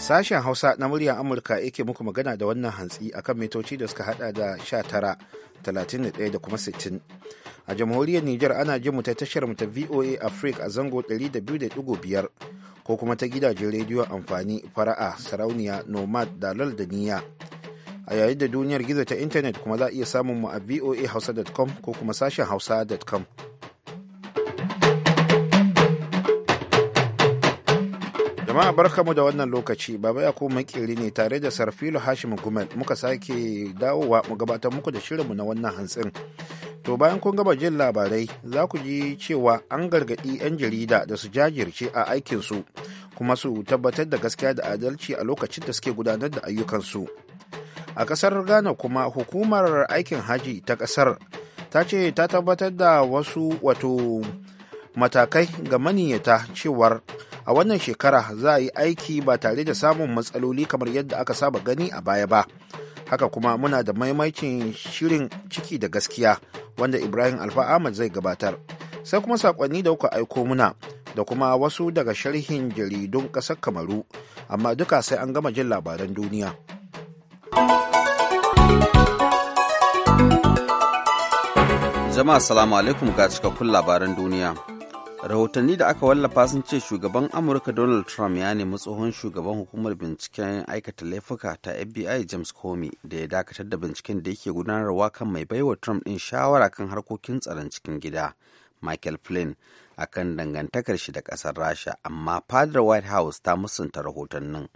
Sashen Hausa na muryar Amurka yake muku magana da wannan hantsi akan mitoci da suka hada da 19, 31 da kuma 60. A jamhuriyar Nijar ana jin mu ta tashar mu ta VOA Africa a zango 200.5 ko kuma ta gidajen rediyon amfani fara'a sarauniya nomad dalal da niyya. a yayin da duniyar gizo ta intanet kuma za a iya samun mu a voahausa.com ko kuma sashen hausa.com jama'a barkamu da wannan lokaci baba ya kuma makeri ne tare da sarfilo hashim gumel muka sake dawowa mu gabatar muku da shirinmu na wannan hantsin to bayan kun gaba jin labarai za ku ji cewa an gargaɗi 'yan jarida da su jajirce a aikinsu kuma su tabbatar da gaskiya da adalci a lokacin da suke gudanar da ayyukansu. a kasar ghana kuma hukumar aikin haji ta kasar ta ce ta tabbatar da wasu wato matakai ga maniyyata cewar a wannan shekara za a yi aiki ba tare da samun matsaloli kamar yadda aka saba gani a baya ba haka kuma muna da maimacin shirin ciki da gaskiya wanda ibrahim alfa ahmad zai gabatar sai kuma sakonni da kuka aiko muna da kuma wasu daga sharhin jaridun ƙasar kamaru amma duka sai an gama jin labaran duniya. Jama'a salamu alaikum ga cikakkun labaran duniya. Rahotanni da aka wallafa sun ce shugaban Amurka Donald Trump ya nemi tsohon shugaban hukumar binciken aikata laifuka ta FBI James Comey da ya dakatar da binciken da yake gudanarwa kan mai baiwa Trump din shawara kan harkokin tsaron cikin gida Michael Flynn akan dangantakar shi da kasar Rasha amma fadar White House ta musanta rahotannin.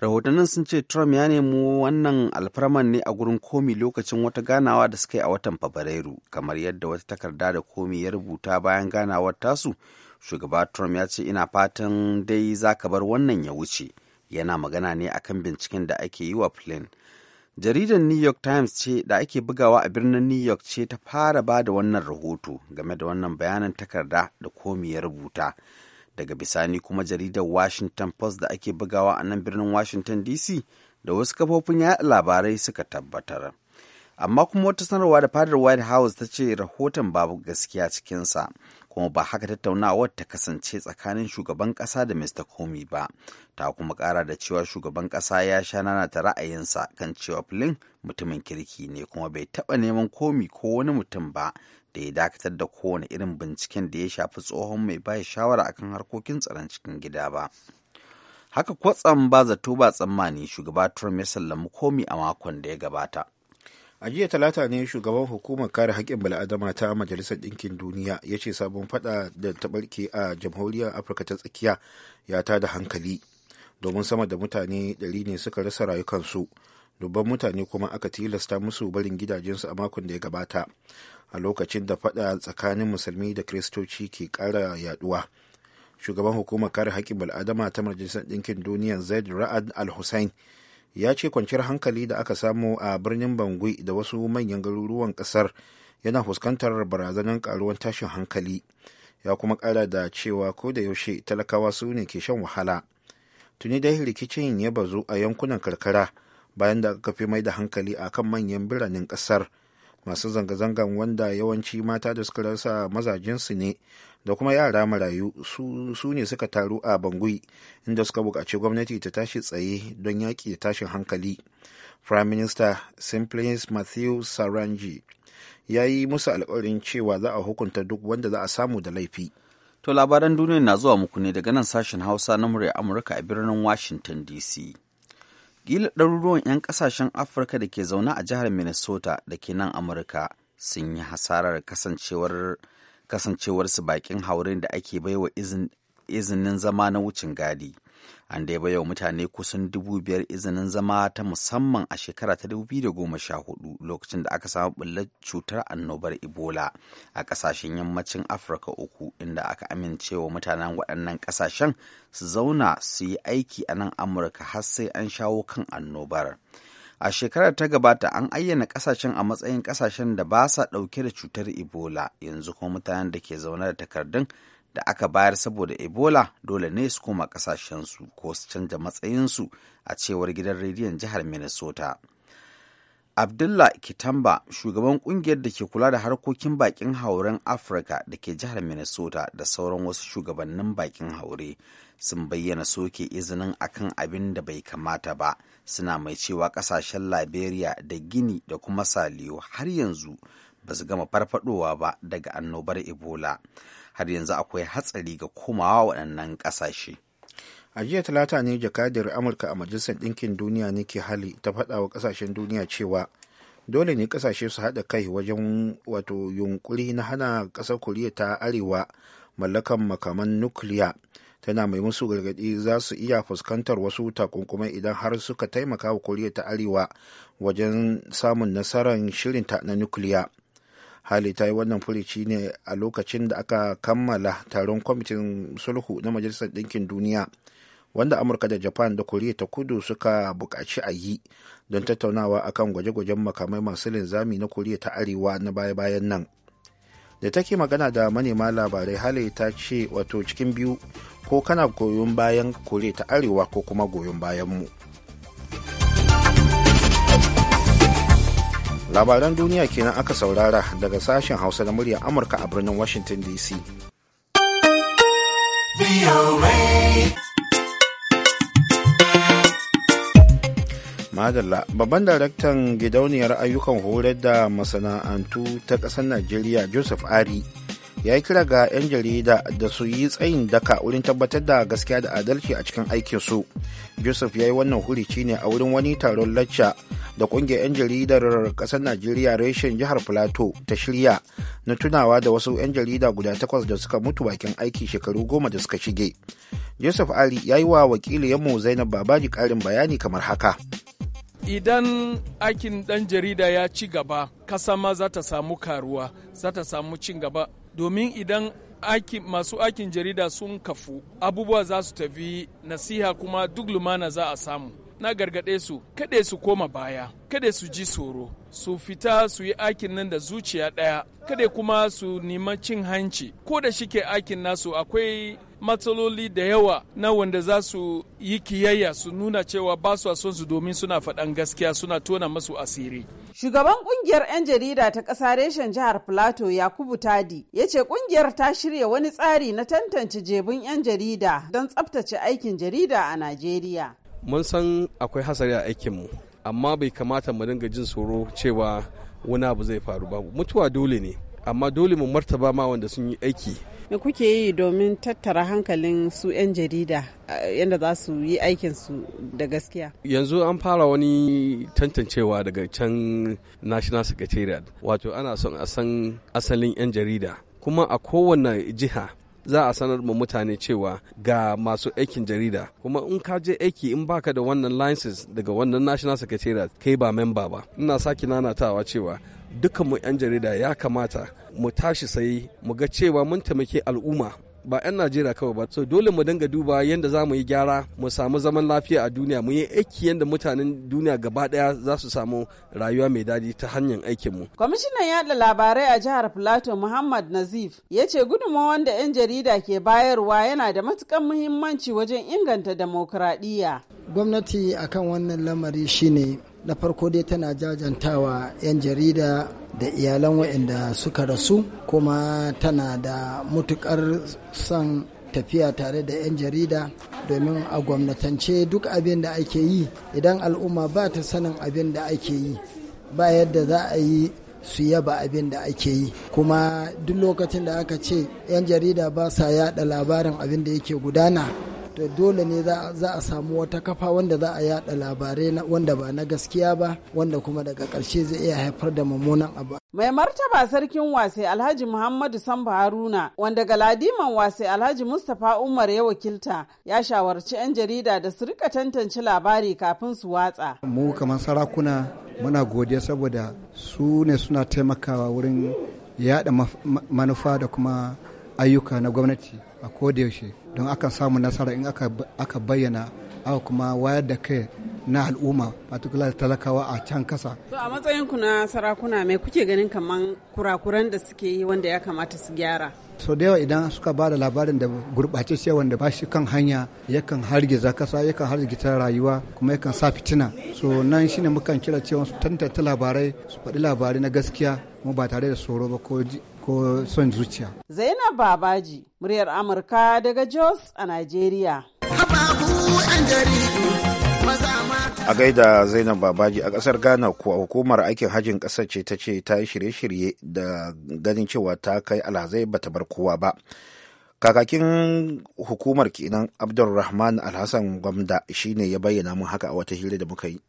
rahotannin sun ce trump ya nemi wannan alfarman ne a gurin komi lokacin wata ganawa da suka yi a watan fabrairu kamar yadda wata takarda da komi ya rubuta bayan ganawar tasu shugaba trump ya ce ina fatan dai za ka bar wannan ya wuce yana magana ne a kan binciken da ake yi wa flynn jaridar new york times ce da ake bugawa a birnin new york ce ta fara ba da wannan rahoto game da wannan bayanin takarda da komi ya rubuta daga bisani kuma jaridar washington post da ake bugawa a nan birnin washington dc da wasu kafofin yaɗa labarai suka tabbatar amma kuma wata sanarwa da fadar white house ta ce rahoton babu gaskiya cikinsa kuma ba haka tattaunawar ta kasance tsakanin shugaban kasa da mr comey ba ta kuma kara da cewa shugaban ƙasa ya sha ta ra'ayinsa kan cewa flynn mutumin kirki ne kuma bai taɓa neman komi ko wani mutum ba da ya dakatar da kowane irin binciken da ya shafi tsohon mai baya shawara akan harkokin tsaron cikin gida ba haka kwatsam ba zato ba tsammani shugaba trump ya sallami komi a makon da ya gabata a jiya talata ne shugaban hukumar kare haƙƙin bala'adama ta majalisar ɗinkin duniya ya ce sabon faɗa da ta ɓarke a jamhuriyar afirka ta tsakiya ya ta da hankali domin sama da mutane ɗari ne suka rasa rayukansu dubban mutane kuma aka tilasta musu barin gidajensu a makon da ya gabata a lokacin da fada tsakanin musulmi da kiristoci ke kara yaduwa shugaban hukumar kare haƙƙin bal'adama ta majalisar ɗinkin duniya zaid ra'ad al-hussein ya ce kwanciyar hankali da aka samu a birnin bangui da wasu manyan garuruwan ƙasar yana fuskantar barazanar ƙaruwar tashin hankali ya kuma ƙara da cewa ko da yaushe talakawa su ne ke shan wahala tuni dai rikicin ya bazu a yankunan karkara bayan da aka fi mai da hankali a kan manyan biranen ƙasar masu zanga-zangan wanda yawanci mata da suka rasa mazajinsu ne da kuma yara marayu su ne suka taru a bangui inda suka buƙaci gwamnati ta tashi tsaye don yaƙi da tashin hankali prime minister simplice matthew saranji ya yi musu alkawarin cewa za a hukunta duk wanda za a samu da laifi to labaran duniya na zuwa muku ne daga nan sashen hausa na murya amurka a birnin washington dc kila ɗaruruwan 'yan ƙasashen afirka da ke zaune a jihar minnesota da ke nan amurka sun yi hasarar kasancewar kasancewarsu bakin haurin da ake baiwa izinin zama na wucin gadi an da ya mutane kusan dubu biyar izinin zama ta musamman a shekara ta sha hudu lokacin da aka samu bulla cutar annobar ebola a kasashen yammacin afirka uku inda aka amincewa mutanen waɗannan kasashen su zauna su yi aiki a nan amurka har sai an shawo kan annobar a shekarar ta gabata an ayyana kasashen a matsayin kasashen da ba sa ɗauke da cutar ebola yanzu kuma mutanen da ke zaune da takardun da aka bayar saboda ebola dole ne su koma kasashensu ko su canza matsayinsu a cewar gidan rediyon jihar minnesota abdullah kitamba shugaban kungiyar da ke kula da harkokin bakin hauren afirka da ke jihar minnesota da sauran wasu shugabannin bakin haure sun bayyana soke izinin akan abin da bai kamata ba suna mai cewa kasashen liberia da gini da kuma saliyo har yanzu ba su gama farfadowa ba daga annobar ebola har yanzu akwai hatsari ga komawa waɗannan ƙasashe. a jiya talata ne jakadar amurka a majalisar ɗinkin duniya ke hali ta faɗa wa ƙasashen duniya cewa dole ne ƙasashe su haɗa kai wajen wato yunƙuri na hana ƙasar koriya ta arewa mallakan makaman nukiliya tana mai musu gargaɗi za su iya fuskantar wasu takunkumai idan har suka taimaka wa koriya ta arewa wajen samun nasarar shirinta na nukiliya. hali ta yi wannan furici ne a lokacin da aka kammala taron kwamitin sulhu na majalisar ɗinkin duniya wanda amurka da japan da koriya ta kudu suka buƙaci a yi don tattaunawa akan gwaje-gwajen makamai masu linzami na koriya ta arewa na baya-bayan nan da take magana da manema labarai hali ta ce wato cikin biyu ko kana goyon bayan koriya ta arewa ko kuma goyon bayan mu. labaran duniya kenan aka saurara daga sashen hausa na muryar amurka a birnin washington dc madalla babban daraktan gidauniyar ayyukan horar da masana'antu ta ƙasar najeriya joseph ari ya yi kira ga 'yan jarida da su yi tsayin daka wurin tabbatar da gaskiya da adalci a cikin aikinsu joseph ya yi wannan hurici ne a wurin wani taron lacca da kungiyar 'yan jaridar kasar najeriya reshen jihar filato ta shirya na tunawa da wasu 'yan jarida guda takwas da suka mutu bakin aiki shekaru goma da suka shige joseph ali ya yi wa wakiliyanmu zainab babaji karin bayani kamar haka idan aikin ɗan jarida ya ci gaba kasa ma za ta samu karuwa za ta samu cin gaba domin idan masu aikin jarida sun kafu abubuwa za su tafi nasiha kuma duk lumana za a samu na gargaɗe su kada su koma baya kada su ji tsoro su fita su yi aikin nan da zuciya ɗaya kada kuma su nima cin hanci ko da shike aikin nasu akwai matsaloli da yawa na wanda za su yi kiyayya su nuna cewa ba su son su domin suna faɗan gaskiya suna tona masu asiri. Shugaban kungiyar 'yan jarida ta ƙasa reshen jihar plato Yakubu Tadi ya ce kungiyar ta shirya wani tsari na tantance jebin 'yan jarida don tsabtace aikin jarida a Najeriya. mun san akwai hasari a aikinmu amma bai kamata mu dinga jin tsoro cewa wani abu zai faru ba mutuwa dole ne amma dole mu martaba ma wanda sun yi aiki me kuke yi domin tattara hankalin su 'yan jarida eh, yadda za su yi aikinsu da gaskiya yanzu an fara wani tantancewa daga can national secretariat wato ana son a san asalin 'yan jarida kuma a kowane jiha za a sanar ma mutane cewa ga masu aikin jarida kuma in ka je aiki in baka da wannan license daga wannan national secretariat kai ba memba ba ina sake nanatawa cewa dukkan mu 'yan jarida ya kamata mu tashi sai mu ga cewa mun taimake al'umma ba 'yan najeriya kawai ba so dole mu dinga duba yadda za mu yi gyara mu samu zaman lafiya a duniya mu yi aiki yadda mutanen duniya gaba daya za su samu rayuwa mai daɗi ta hanyar aikin mu kwamishinan yaɗa labarai a jihar plateau muhammad nazif ya ce gudunmawar da 'yan jarida ke bayarwa yana da matukan muhimmanci wajen inganta demokradiyya gwamnati akan wannan lamari shine na farko dai tana jajantawa 'yan jarida da iyalan waɗanda suka rasu kuma tana da mutukar son tafiya tare da 'yan jarida domin a gwamnatance duk abin da ake yi idan al'umma ba ta sanin abin da ake yi ba yadda za a yi su yaba abin da ake yi kuma duk lokacin da aka ce 'yan jarida ba sa yada labarin abin da yake gudana to dole ne za a samu wata kafa wanda za a yada labarai wanda ba na gaskiya ba wanda kuma daga karshe zai iya haifar da mummunan abu mai martaba sarkin wasai alhaji muhammadu samba haruna wanda galadiman wasai alhaji mustapha umar ya wakilta ya shawarci 'yan jarida da su rika tantance labari kafin su watsa mu kamar sarakuna muna godiya saboda su ne suna taimakawa wurin yada manufa da kuma ayyuka na gwamnati a kodayaushe don akan samu nasara in aka bayyana aka kuma wayar da kai na al'umma particular talakawa a can kasa. To a matsayin ku na sarakuna mai kuke ganin kaman kurakuran da suke yi wanda ya kamata su gyara? So da yawa idan suka ba da labarin da ce wanda ba shi kan hanya yakan hargiza kasa yakan hargita rayuwa kuma yakan sa fitina. So nan shine mukan kira cewa su tantance labarai su faɗi labarai na gaskiya kuma ba tare da tsoro ba ko ko son zuciya. Zainab Babaji, muryar Amurka daga Jos a Najeriya. A gaida Zainab Babaji a ƙasar Ghana kuwa hukumar aikin hajjin ƙasar ce ta ce ta yi shirye-shirye da ganin cewa ta kai alhazai bata bar kowa ba. kakakin hukumar kenan abdulrahman alhassan gwamda shine ya bayyana mun haka a wata hira da muka yi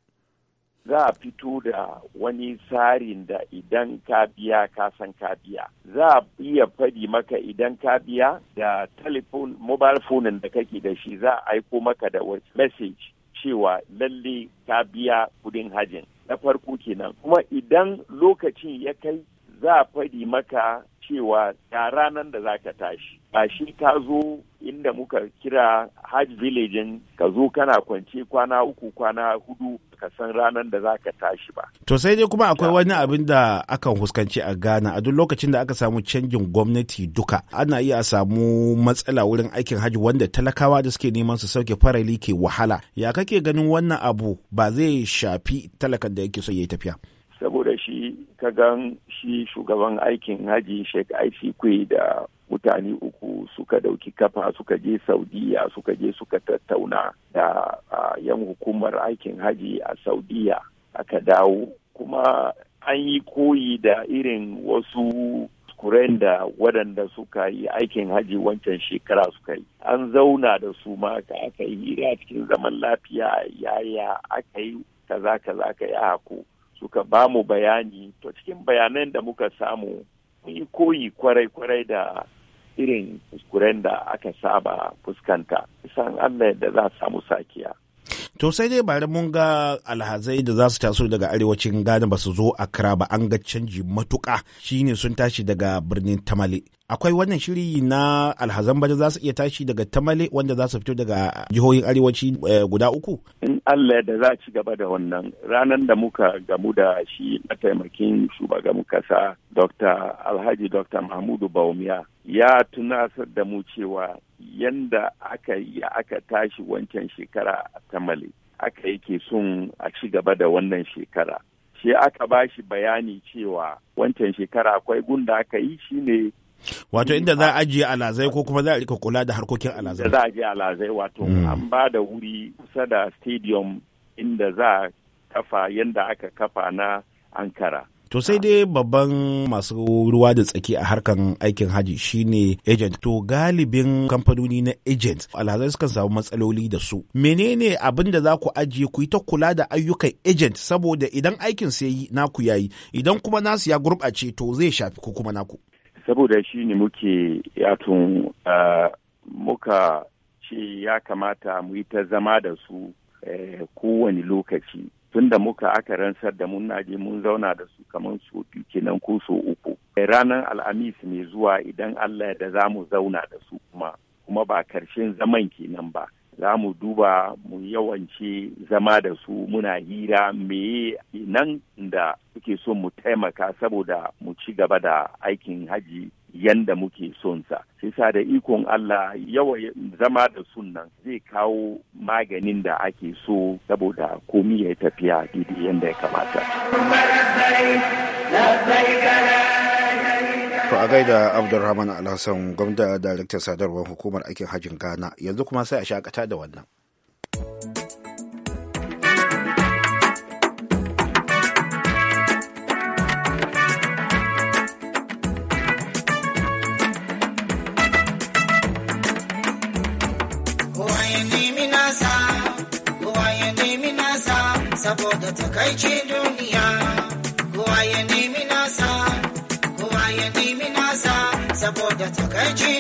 za a fito da wani tsarin da idan ka biya ka san ka biya za a iya fadi maka idan ka biya da telephone mobile phone da kake da shi za a aiko maka da message cewa lalle ka biya kudin hajin na farko kenan kuma idan lokacin ya kai za a faɗi maka cewa ya ranar da za ka tashi ba shi ka zo inda muka kira hajj village ka zo kana kwance kwana uku kwana hudu ka san ranar da za ka tashi ba. To sai dai kuma akwai wani abin da akan huskanci a Ghana a duk lokacin da aka samu canjin gwamnati duka ana iya samu matsala wurin aikin hajji wanda talakawa da suke neman su sauke farali ke wahala ya kake ganin wannan abu ba zai shafi talakan da yake so ya yi tafiya. saboda shi ka gan shi shugaban aikin haji sheikh aisikwe da mutane uku suka dauki kafa suka je saudiya suka je suka tattauna da yan hukumar aikin haji a saudiya aka dawo kuma an yi koyi da irin wasu kuren da waɗanda suka yi aikin haji wancan shekara suka yi an zauna da su ma ka aka yi hira cikin zaman lafiya yaya aka yi kaza kaza ka yi haku suka ba mu bayani to cikin bayanan da muka samu mun yi koyi kwarai-kwarai da irin kuskuren da aka saba fuskanta isan allah da za samu sakiya to sai dai bari mun ga alhazai da za su taso daga arewacin ghana ba su zo kira ba an ga canji matuka shine sun tashi daga birnin tamale akwai wannan shiri na alhazan baje za su iya tashi daga tamale wanda za su fito daga jihohin arewaci eh, guda uku in allah da za ci gaba da wannan ranar da muka gamu da shi na mataimakin shugaban kasa dr alhaji dr mahmudu baumiya ya tunasar da mu cewa yanda aka yi aka tashi wancan shekara a tamale aka yake son a ci gaba da wannan shekara shi aka ba shi bayani cewa wancan shekara akwai gunda aka yi shi ne. wato mm, inda za a ajiye alazai ko kuma za a rika kula da harkokin alazai za a ajiye alazai wato mm. an ba da wuri kusa da stadium inda za a kafa yadda aka kafa na ankara to sai dai babban masu ruwa da tsaki a harkan aikin haji shine agent to galibin kamfanoni na agent alhazai sukan samu matsaloli da su menene abin da za ku ajiye ku yi ta kula da ayyukan agent saboda idan aikin sai yi naku yayi idan kuma nasu ya gurɓace to zai shafi ku kuma naku saboda shi ne muke yatun muka ce ya kamata mu yi ta zama da su eh, kowane lokaci tunda muka aka ransar da mun naje mun zauna da su kamar su biyu kenan ko so uku eh, ranar alhamis ne zuwa idan allah da za mu zauna da su kuma kuma ba karshen zaman kenan ba za mu duba mu yawance zama da su muna hira meye nan da suke son mu taimaka saboda mu ci gaba da aikin haji yanda muke son sa sai sa da ikon Allah yawa zama da sunnan zai kawo maganin da ake so saboda komi ya tafiya daidai yanda ya kamata. To a gaida Abdulrahman Alhassan gwamna daraktan sadarwar hukumar aikin hajjin Ghana yanzu kuma sai a shakata da wannan. Saboda takaici duniya saboda takaici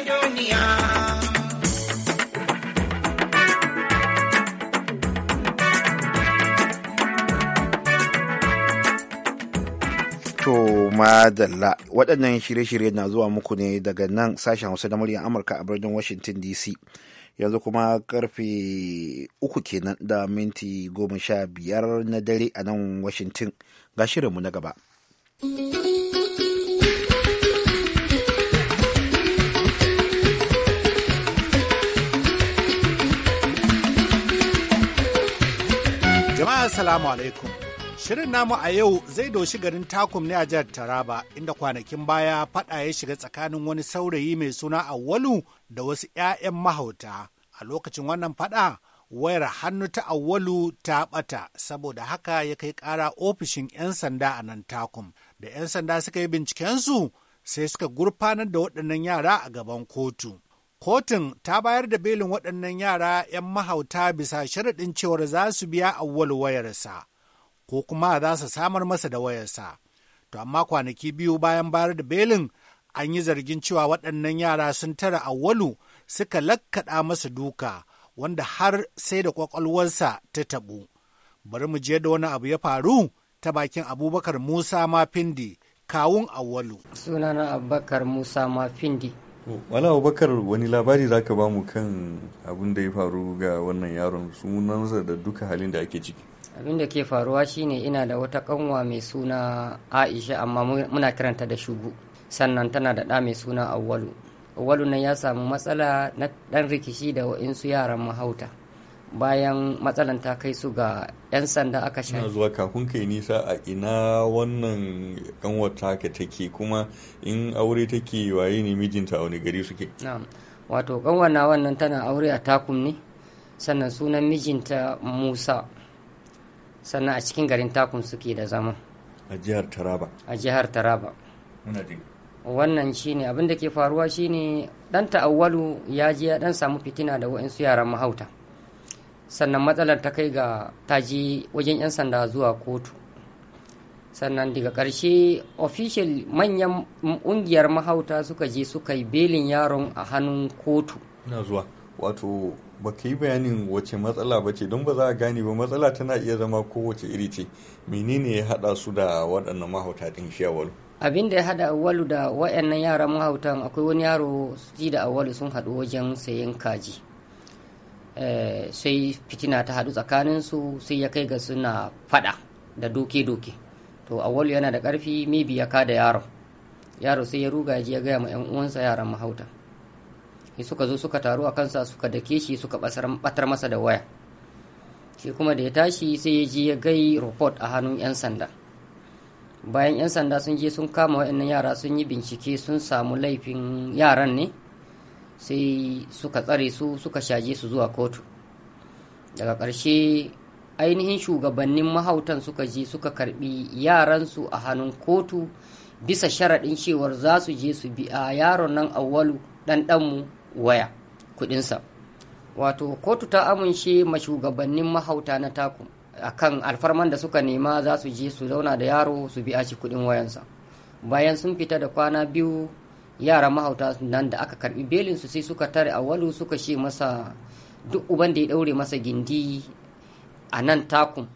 madalla waɗannan shirye-shirye na zuwa muku ne daga nan sashen Hausa na muryar Amurka a birnin Washington DC. Yanzu kuma karfe uku kenan da minti goma sha biyar na dare a nan Washington ga shirinmu na gaba. Jama'a salamu alaikum. Shirin namu a yau zai doshi garin takum ne a jihar Taraba inda kwanakin baya fada ya shiga tsakanin wani saurayi mai suna Awwalu da wasu 'ya'yan mahauta. A lokacin wannan fada wayar hannu ta Awwalu ta bata saboda haka ya kai kara ofishin 'yan sanda a nan takum. Da 'yan sanda suka yi bincikensu sai suka gurfanar da waɗannan yara a gaban kotu. Kotun ta bayar da belin waɗannan yara 'yan mahauta bisa sharaɗin cewar za su biya awwal wayarsa, ko kuma za su samar masa da wayarsa. To amma kwanaki biyu bayan bayar da belin an yi zargin cewa waɗannan yara sun tara awwalu suka lakkaɗa masa duka wanda har sai da ƙwaƙwalwarsa ta taɓu. Bari mu je da wani abu ya faru ta bakin abubakar Musa Mafindi, kawun awwalu. Sunana Abubakar Musa Mafindi. wala abubakar wani labari za ka bamu kan abin da ya faru ga wannan yaron sunansa da duka halin da ake ciki abin da ke faruwa shine ina da wata kanwa mai suna aisha amma muna kiranta da shugu sannan tana da ɗa mai suna awwalu awwalu nan ya samu matsala na ɗan rikici da wa'insu yaran mahauta bayan matsalan ta kai su ga 'yan sanda aka sha. zuwa kafin kai nisa a ina wannan kanwata ka take kuma in aure take waye ne mijinta a wani gari suke. wato kanwana wannan tana aure a takum ne sannan sunan mijinta musa sannan a cikin garin takum suke da zama. a jihar taraba. a jihar taraba. wannan shine abin da ke faruwa shine dan ta'awwalu ya je ya dan samu fitina da wa'insu yaran mahauta. sannan matsalar ta kai ga taji wajen 'yan sanda zuwa kotu sannan daga ƙarshe official manyan ƙungiyar mahauta suka je suka yi belin yaron a hannun kotu na zuwa wato ba ka yi bayanin wace matsala ba ce don ba za a gane ba matsala tana iya zama kowace iri ce menene ya hada su da waɗannan mahauta ɗin shi awalu abin da ya haɗa awalu da waɗannan yaran mahautan akwai wani yaro ji da awalu sun haɗu wajen sayen kaji Eh, sai fitina ta haɗu su sai ya kai ga suna faɗa da doke-doke to Auwalu yana da ƙarfi maybe ya kada yaro yaro sai ya ruga ya ya gaya ma 'yan uwansa yaran mahauta suka zo suka taru a kansa suka dake shi suka batar masa da waya shi kuma da ya tashi sai ya je ya gai report a hannun 'yan sanda bayan 'yan sanda sun je sun kama waɗannan yara sun yi bincike sun samu laifin yaran ne sai suka tsare su suka shaje su zuwa kotu daga ƙarshe ainihin shugabannin mahautan suka je suka karbi yaransu a hannun kotu bisa sharaɗin cewar za su je su bi a yaron nan awwalu ɗanɗanmu waya kuɗinsa wato kotu ta amince ma shugabannin mahauta na taku akan alfarman da suka nema za su je su zauna da yaro su biya shi kuɗin wayansa bayan sun fita da kwana biyu yara mahauta nan da aka karbi belin su sai suka tare a walu suka ce masa duk uban da ya daure masa gindi a nan takun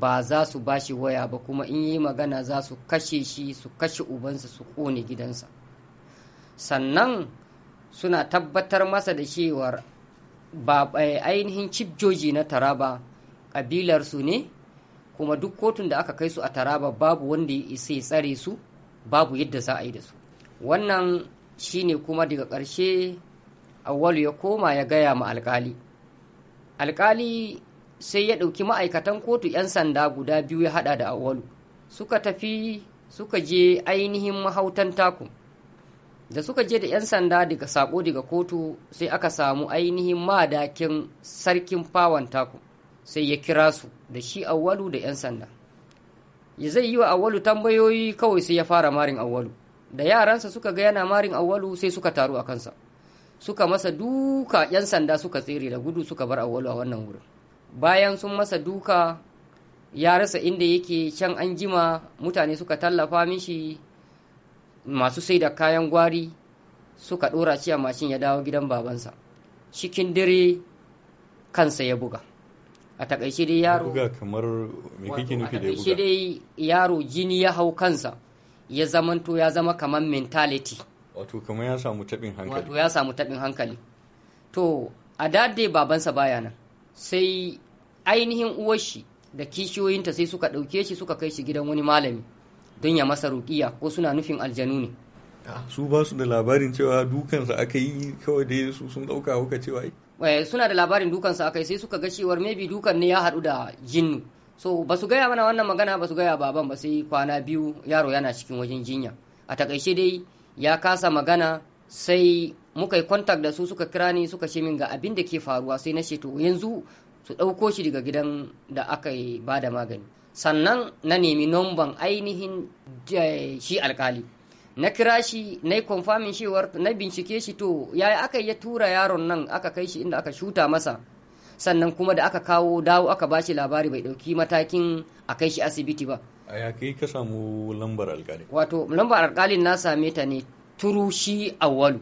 ba za su bashi waya ba kuma in yi magana za su kashe shi su kashe ubansa su kone gidansa sannan suna tabbatar masa da cewar ba eh, ainihin cibjoji na taraba ƙabilarsu ne kuma duk kotun da aka kai su a taraba babu wanda ya isa ya tsare su babu yadda za a yi da su wannan shi ne kuma daga ƙarshe awwalu ya koma ya gaya ma alkali alkali sai ya ɗauki ma'aikatan kotu 'yan sanda guda biyu ya haɗa da awwalu suka tafi suka je ainihin mahautan taku. da suka je da 'yan sanda daga sako daga kotu sai aka samu ainihin madakin sarkin fawon taku sai ya kira su da shi awwalu da 'yan sanda ya zai yi wa awwalu tambayoyi kawai sai ya fara marin awwalu da yaransa suka ga yana marin awwalu sai suka taru a kansa suka masa duka yan sanda suka tsere da gudu suka bar awwalu a wannan wurin bayan sun masa duka ya rasa inda yake can an jima mutane suka tallafa mishi masu sai da kayan gwari suka ɗora ci a mashin ya dawo gidan babansa cikin dare kansa ya buga a takaice dai yaro jini ya hau kansa ya zamanto ya zama kamar mentality wato kamar ya samu taɓin hankali wato ya samu taɓin hankali to a dade babansa baya nan sai ainihin uwarshi da kishiyoyinta sai suka ɗauke shi suka kai shi gidan wani malami don ya masa ruƙiya ko suna nufin aljanu ne su ba su da labarin cewa dukansa aka yi kawai da su sun ɗauka kuka cewa eh, suna da labarin dukansa aka yi sai suka ga cewar maybe dukan ne ya haɗu da jinnu so ba su gaya mana wannan magana ba su gaya baban ba sai kwana biyu yaro yana cikin wajen jinya a takaice dai ya kasa magana sai muka yi kontak da su suka kira ni suka ce min ga abin da ke faruwa sai na sheto yanzu su ɗauko shi daga gidan da aka yi ba da magani sannan na nemi nomban ainihin eh, shi alkali na kira shi na yi confirming shewar na bincike shi to yaya aka ya tura yaron nan aka kai shi inda aka shuta masa sannan kuma da aka kawo dawo aka bashi labari bai dauki matakin a kai shi asibiti ba a ya kai ka samu lambar alkali wato lambar alkalin na same ta ne turu shi awalu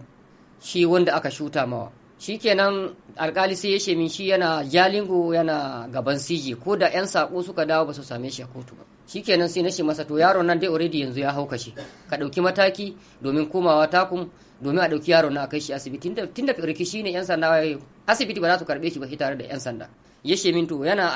shi wanda aka shuta mawa shikenan alkali sai ya shemin shi yana jalingo yana gaban siji ko da yan sako suka dawo ba su same shi a kotu ba shikenan sai na shi masa to yaron nan dai already yanzu ya haukace ka ɗauki mataki domin komawa takum domin a ɗauki yaro na kai shi asibiti tun da rikishi ne yan sanda asibiti ba za su karɓe shi ba tare da yan sanda ya ce min yana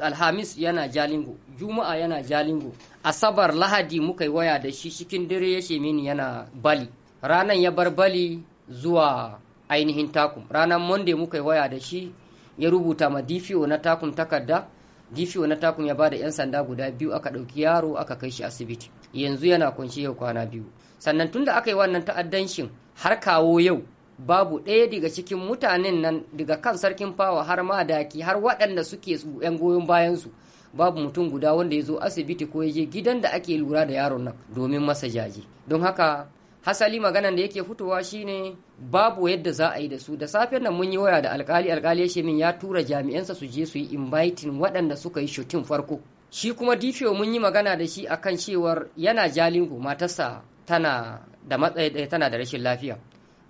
alhamis yana jalingo juma'a yana jalingo asabar lahadi muka yi waya da shi cikin dare ya ce mini yana bali ranan ya bar bali zuwa ainihin takum ranar monday muka yi waya da shi ya rubuta ma dpo na takum takarda dpo na takum ya ba da yan sanda guda biyu aka ɗauki yaro aka kai shi asibiti yanzu yana kunshi yau kwana biyu sannan tun da aka yi wannan ta'addancin har kawo yau babu ɗaya daga cikin mutanen nan daga kan sarkin fawa har madaki har waɗanda suke yan goyon bayansu babu mutum guda wanda ya zo asibiti ko ya je gidan da ake lura da yaron nan domin masa jaji don haka hasali maganan da yake fitowa shine babu yadda za a yi da su da safen nan mun yi waya da alkali alkali ya min ya tura jami'ansa su je su yi inviting waɗanda suka yi shooting farko shi kuma dpo mun yi magana da shi akan cewar yana jalingo matarsa tana da matsayi ɗaya tana da rashin lafiya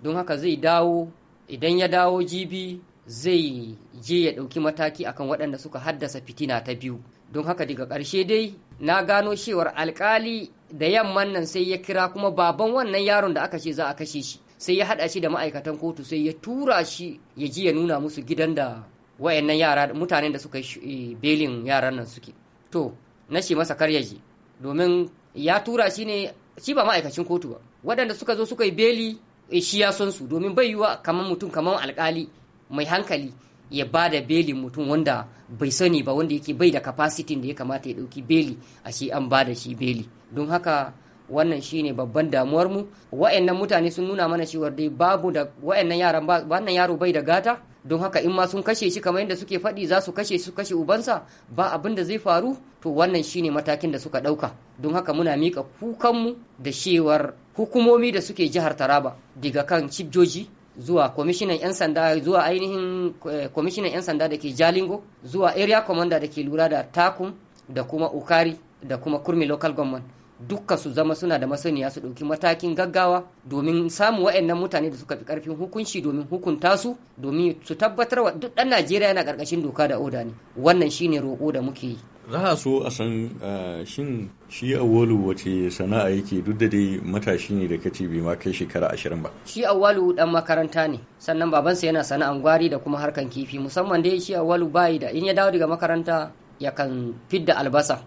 don haka zai dawo idan ya dawo jibi zai je ya ɗauki mataki akan waɗanda suka haddasa fitina ta biyu don haka daga ƙarshe dai na gano cewar alkali da yamman nan sai ya kira kuma baban wannan yaron da aka ce za a kashe shi sai ya haɗa shi da ma'aikatan kotu sai ya tura shi ya ji ya nuna musu gidan da wayannan yara mutanen da suka yi eh, belin yaran nan suke to na ce masa kar ya ji domin ya tura shi ne shi ba ma'aikacin kotu ba waɗanda suka zo suka yi beli eh, shi ya son su domin bai yiwa kamar mutum kamar alkali mai hankali ya ba da belin mutum wanda bai sani ba wanda yake bai da capacity da ya kamata ya ɗauki beli a shi an ba da shi beli don haka wannan shine babban damuwar mu wa'annan mutane sun nuna mana cewar dai babu da wa'annan yaro bai da gata don haka in ma sun kashe shi kamar yadda suke faɗi za su kashe su kashe ubansa ba abin da zai faru to wannan shine matakin da suka ɗauka don haka muna miƙa kukanmu da shewar hukumomi da suke jihar taraba daga kan cibjoji zuwa kwamishinan 'yan sanda zuwa ainihin eh, kwamishinan 'yan sanda da ke jalingo zuwa area commander da ke lura da takum da kuma ukari da kuma kurmi local government dukka su zama suna da masaniya su ɗauki matakin gaggawa domin samun waɗannan mutane da suka fi ƙarfin hukunci domin hukunta su domin su tabbatar wa duk ɗan Najeriya yana ƙarƙashin doka da oda ne wannan shine roƙo da muke yi. Za a so a san eh, shin shi awalu wace sana'a yake duk da dai matashi ne da kace bai ma kai shekara ashirin ba. Shi awalu dan makaranta ne sannan babansa yana sana'an gwari da kuma harkan kifi musamman dai shi awalu bayi da in ya dawo daga makaranta yakan fidda albasa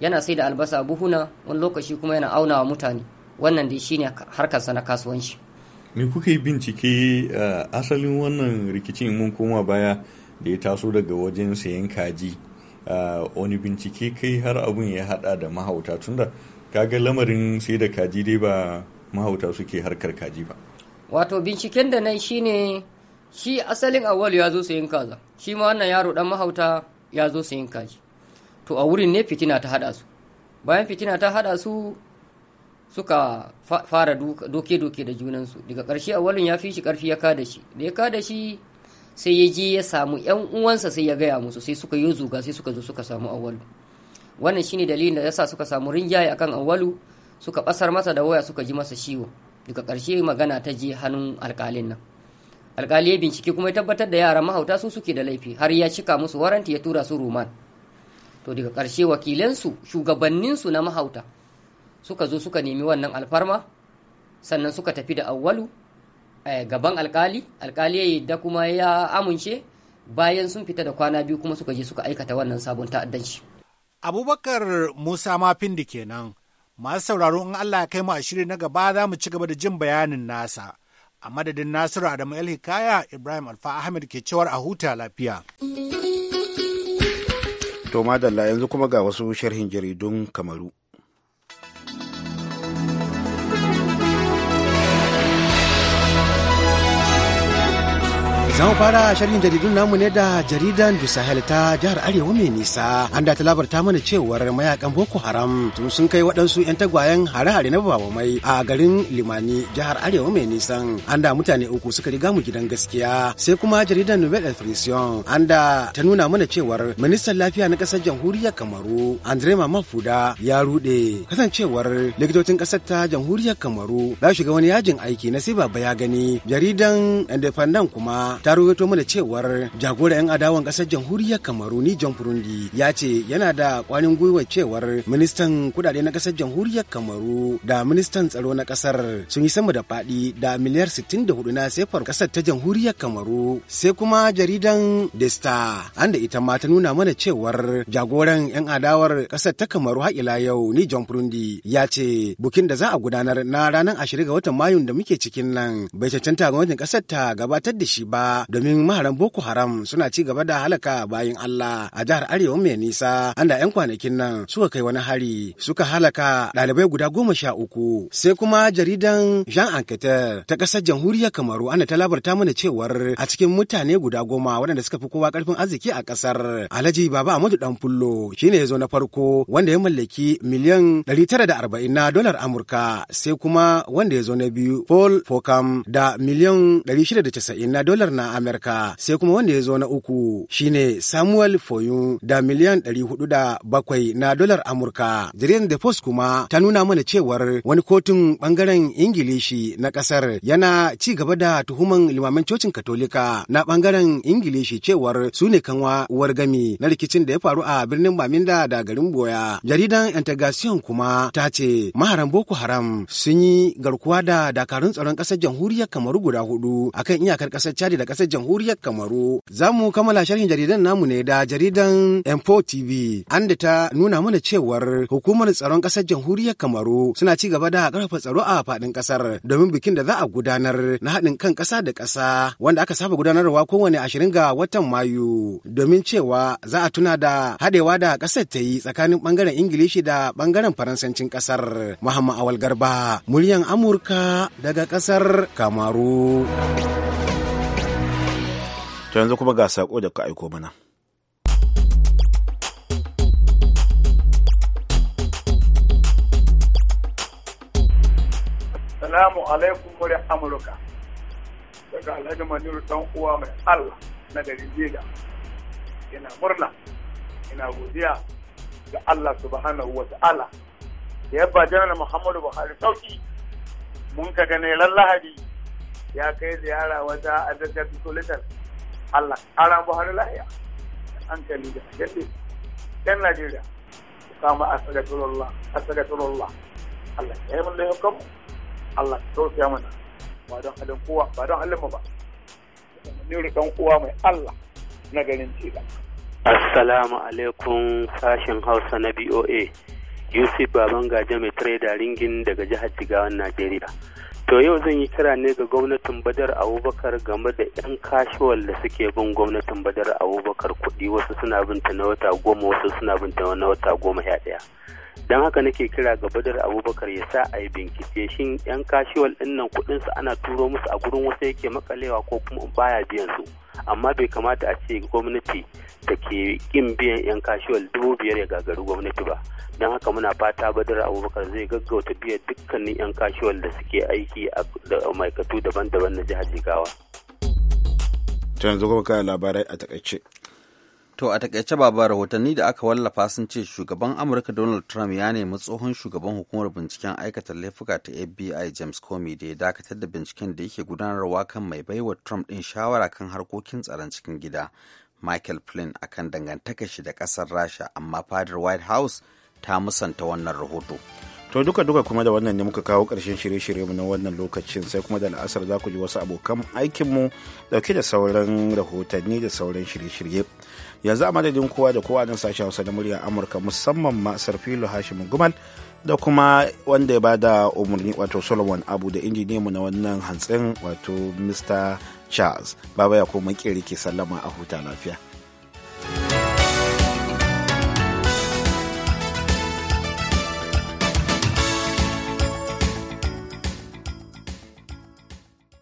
yana sai da albasa buhuna wani lokaci kuma yana auna wa mutane wannan dai shine harkarsa na kasuwanci me kuka yi bincike eh, asalin wannan rikicin mun koma baya da ya taso daga wajen sayan kaji eh, wani bincike kai har abun ya hada da mahauta tunda kaga lamarin sai da kaji dai ba mahauta suke harkar kaji ba wato binciken da nan shine shi asalin awal ya zo sayan kaza shi ma wannan yaro dan mahauta ya zo sayan kaji to a wurin ne fitina ta haɗa su bayan fitina ta hada su suka fara doke-doke da junansu daga ƙarshe walin ya fi shi ƙarfi ya kada shi da ya kada shi sai ya je ya samu yan uwansa sai ya gaya musu sai suka yi zuga sai suka zo suka samu awalu wannan shine dalilin da yasa suka samu rinjaye akan awalu suka basar masa da waya suka ji masa ciwo daga ƙarshe magana ta je hannun alƙalin nan alƙali ya bincike kuma ya tabbatar da yaran mahauta su suke da laifi har ya cika musu waranti ya tura su Roman. to daga ƙarshe wakilansu shugabanninsu na mahauta suka zo suka nemi wannan alfarma sannan suka tafi da awwalu eh, gaban alkali alkali ya yadda kuma ya amince bayan sun fita da kwana biyu kuma suka je suka aikata wannan sabon ta'addanci abubakar musa mafindi kenan masu sauraro in allah ya kai mu a shiri na gaba za mu ci gaba da jin bayanin nasa a madadin nasiru adamu el hikaya ibrahim alfa ahmed ke cewar a huta lafiya. To madalla yanzu kuma ga wasu sharhin jaridun Kamaru. Zan fara shirin jaridun namu ne da jaridan Du Sahel ta jihar Arewa mai nisa. An da ta labarta mana cewar mayakan Boko Haram tun sun kai waɗansu 'yan tagwayen hare-hare na baba mai a garin Limani jihar Arewa mai nisan. An da mutane uku suka riga mu gidan gaskiya. Sai kuma jaridan Nouvelle Expression an da ta nuna mana cewar ministan lafiya na ƙasar jamhuriyar Kamaru Andre Mamafuda ya ruɗe kasancewar likitocin ƙasar ta jamhuriyar Kamaru za shiga wani yajin aiki na sai baba ya gani. Jaridan Independent kuma ta ruwaito mana cewar jagora 'yan adawan kasar jamhuriyar kamaru ni john burundi ya ce yana da kwanin gwiwa cewar ministan kudade na kasar jamhuriyar kamaru da ministan tsaro na kasar sun yi sama da faɗi da miliyar 64 na sefar kasar ta jamhuriyar kamaru sai kuma jaridan the star da ita ma ta nuna mana cewar jagoran 'yan adawar kasar ta kamaru ila yau ni john burundi ya ce bukin da za a gudanar na ranar 20 ga watan mayu da muke cikin nan bai cancanta wajen kasar ta gabatar da shi ba domin maharan Boko Haram suna ci gaba da halaka bayan Allah a jihar Arewa mai nisa an da 'yan kwanakin nan suka kai wani hari suka halaka ɗalibai guda goma sha uku sai kuma jaridan Jean Enquêteur ta ƙasar jamhuriyar Kamaru ana ta labarta mana cewar a cikin mutane guda goma waɗanda suka fi kowa ƙarfin arziki a ƙasar Alhaji Baba Ahmadu Danfullo shine ya zo na farko wanda ya mallaki miliyan 940 na dolar Amurka sai kuma wanda ya zo na biyu Paul Fokam da miliyan 690 na dolar na na Amerika. Sai kuma wanda ya zo na uku shine Samuel Foyun da miliyan ɗari hudu da bakwai na dolar Amurka. Jaridar The Post kuma ta nuna mana cewar wani kotun bangaren Ingilishi na ƙasar yana ci gaba da tuhuman limamin cocin Katolika na bangaren Ingilishi cewar su ne kanwa uwar gami na rikicin da ya faru a birnin Baminda da garin Boya. Jaridan Integration kuma ta ce maharan Boko Haram sun yi garkuwa da dakarun tsaron ƙasar jamhuriyar Kamaru guda hudu akan iyakar ƙasar Chad da kasar jamhuriyar Kamaru. Za mu kammala sharhin jaridan namu ne da jaridan Empo TV an da ta nuna mana cewar hukumar tsaron ƙasar jamhuriyar Kamaru suna ci gaba da karfafa tsaro a faɗin ƙasar domin bikin da za a gudanar na haɗin kan ƙasa da ƙasa wanda aka saba gudanarwa kowane ashirin ga watan Mayu domin cewa za a tuna da haɗewa da ƙasar ta yi tsakanin ɓangaren Ingilishi da ɓangaren Faransancin ƙasar. Muhammad Awal Garba, muryan Amurka daga ƙasar Kamaru. To yanzu kuma ga sako da ka aiko mana Salamu alaikum murin Amurka daga Alhaji Maniru dan uwa mai Allah na garin Jega. Ina murna, ina godiya ga Allah subhanahu wa ta'ala da yabba janar Muhammadu Buhari sauki mun ka gane ran Lahadi ya kai ziyara wata adadar Solitar Allah ƙara Buhari lahiya hankali da jalle yan Najeriya ku kama asagatullah asagatullah Allah ya mun mun laifukan Allah ya tausaya mana ba don halin kuwa ba don halin mu ba ni kan kuwa mai Allah na ganin cida Assalamu alaikum sashin Hausa na BOA Yusuf Baban Gaja mai trader ringin daga jihar Jigawan Najeriya. To yau zan yi kira ne ga gwamnatin Badar Abubakar game da 'yan kashiwal da suke bin gwamnatin Badar Abubakar kuɗi wasu suna binta na wata goma wasu suna binta na wata goma sha ɗaya. Don haka nake kira ga Badar Abubakar ya sa a yi bincike shin 'yan kashiwal ɗin nan kuɗinsu ana turo musu a gurin wasu yake makalewa ko kuma baya biyan su. Amma bai kamata a ce gwamnati da ke ƙin biyan 'yan kashiwal dubu biyar ya gagari gwamnati ba. don haka muna fata badar abubakar zai gaggauta biya dukkanin 'yan kasuwar da suke aiki a ma'aikatu daban-daban na jihar jigawa ta yanzu kuma kayan labarai a takaice to a takaice baba rahotanni da aka wallafa sun ce shugaban amurka donald trump ya nemi tsohon shugaban hukumar binciken aikata laifuka ta fbi james comey da ya dakatar da binciken da yake gudanarwa kan mai baiwa trump din shawara kan harkokin tsaron cikin gida michael flynn akan dangantakar shi da kasar rasha amma fadar white house ta musanta wannan rahoto to duka duka kuma da wannan ne muka kawo ƙarshen shirye-shiryenmu na wannan lokacin sai kuma da la'asar za ku ji wasu abokan aikinmu dauke da sauran rahotanni da sauran shirye-shirye yanzu a madadin kowa da kowa nan sashen hausa na muryar amurka musamman ma sarfilo hashim gumal da kuma wanda ya ba da umarni wato solomon abu da injiniyanmu na wannan hantsin wato mr charles baba ya kuma ke sallama a huta lafiya